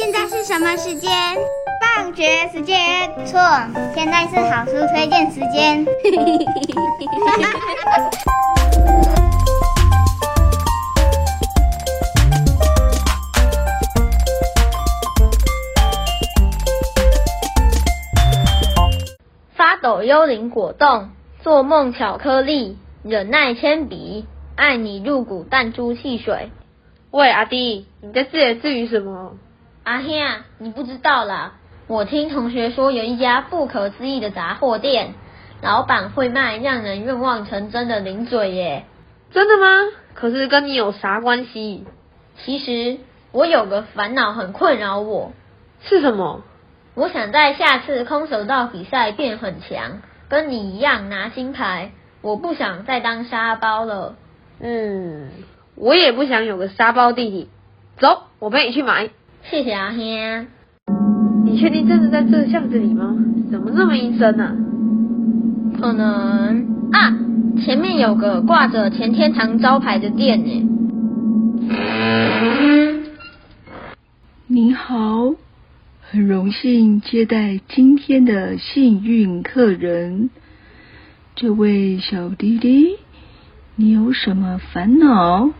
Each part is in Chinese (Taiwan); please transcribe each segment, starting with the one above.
現在是什麼時間？放學時間。錯，現在是好書推薦時間。 發抖幽靈果凍，做夢巧克力，忍耐鉛筆，愛你入骨彈珠汽水。喂，阿弟，你在自言自語什麼？阿兄，你不知道啦！我聽同學說，有一家不可思議的雜貨店，老闆會賣讓人願望成真的零嘴耶。真的嗎？可是跟你有啥關係？其實我有個煩惱很困擾我。是什麼？我想在下次空手道比賽變很強，跟你一樣拿金牌。我不想再當沙包了。嗯，我也不想有個沙包弟弟。走，我陪你去買。謝謝阿、啊、你確定真的在這個巷子裡嗎？怎麼那麼陰森呢？可能啊，前面有個掛着錢天堂招牌的店呢。您、嗯、好，很榮幸接待今天的幸運客人，這位小弟弟，你有什麼煩惱？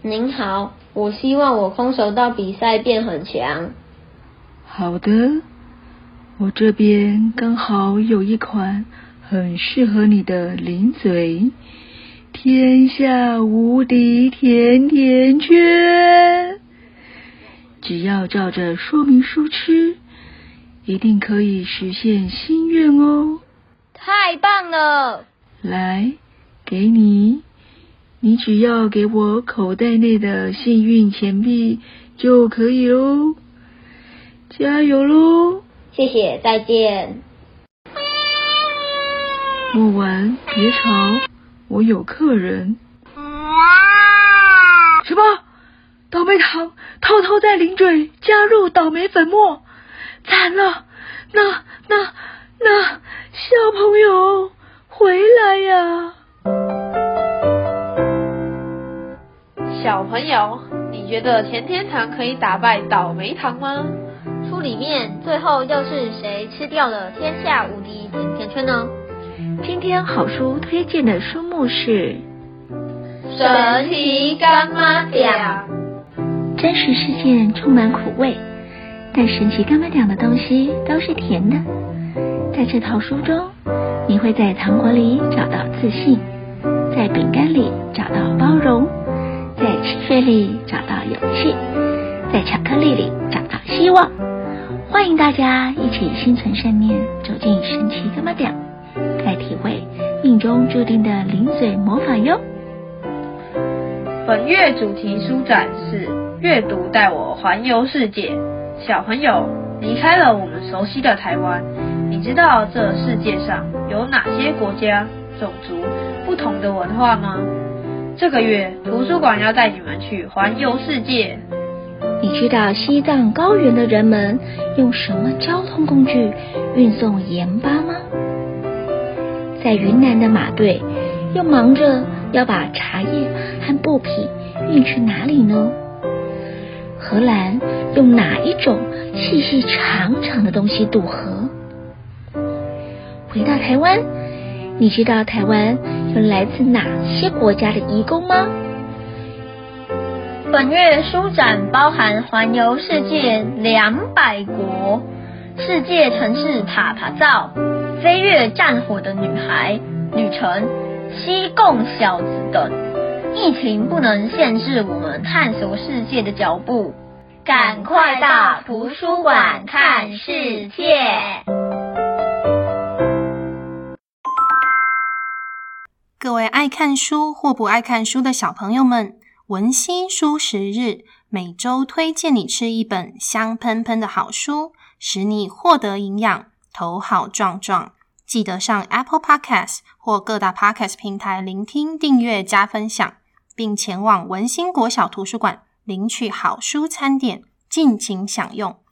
您好。我希望我空手道比賽變很強。好的，我這邊剛好有一款很適合你的零嘴，天下無敵甜甜圈，只要照着說明書吃，一定可以實現心願哦。太棒了！來，給你。你只要給我口袋內的幸運錢幣就可以哦，加油嘍！謝謝，再見。墨丸，別吵，我有客人。什麼？倒楣堂偷偷在零嘴加入倒霉粉末，慘了！那那那，小朋友回來呀！小朋友，你覺得錢天堂可以打敗倒楣堂嗎？書裡面最後又是誰吃掉了天下無敵甜甜圈呢？今天好書推薦的書目是《神奇柑仔店》。真實世界充滿苦味，但神奇柑仔店的東西都是甜的。在這套書中，你會在糖果裡找到自信，在餅乾裡找到包容。在汽水裡找到勇氣，在巧克力裡找到希望。歡迎大家一起心存善念，走進神奇的柑仔店，來體會命中注定的零嘴魔法喲。本月主題書展是“閱讀帶我環遊世界”。小朋友離開了我們熟悉的台灣，你知道這世界上有哪些國家、種族、不同的文化嗎？這個月圖書館要帶你們去環遊世界。你知道西藏高原的人們用什麼交通工具運送鹽巴嗎？在雲南的馬隊又忙着要把茶葉和布匹運去哪裡呢？荷蘭用哪一種細細長長的東西渡河？回到台灣。你知道台灣有來自哪些國家的移工嗎？本月書展包含《環遊世界兩百國》《世界城市趴趴造》《飛越戰火的女孩》《旅程》《西貢小子》等。疫情不能限制我們探索世界的腳步，趕快到圖書館看世界！愛看書或不愛看書的小朋友們，文欣書食日每周推薦你吃一本香噴噴的好書，使你獲得營養，頭好壯壯。記得上 Apple Podcast 或各大 Podcast 平台聆聽、訂閱、加分享，並前往文欣國小圖書館領取好書餐點，盡情享用。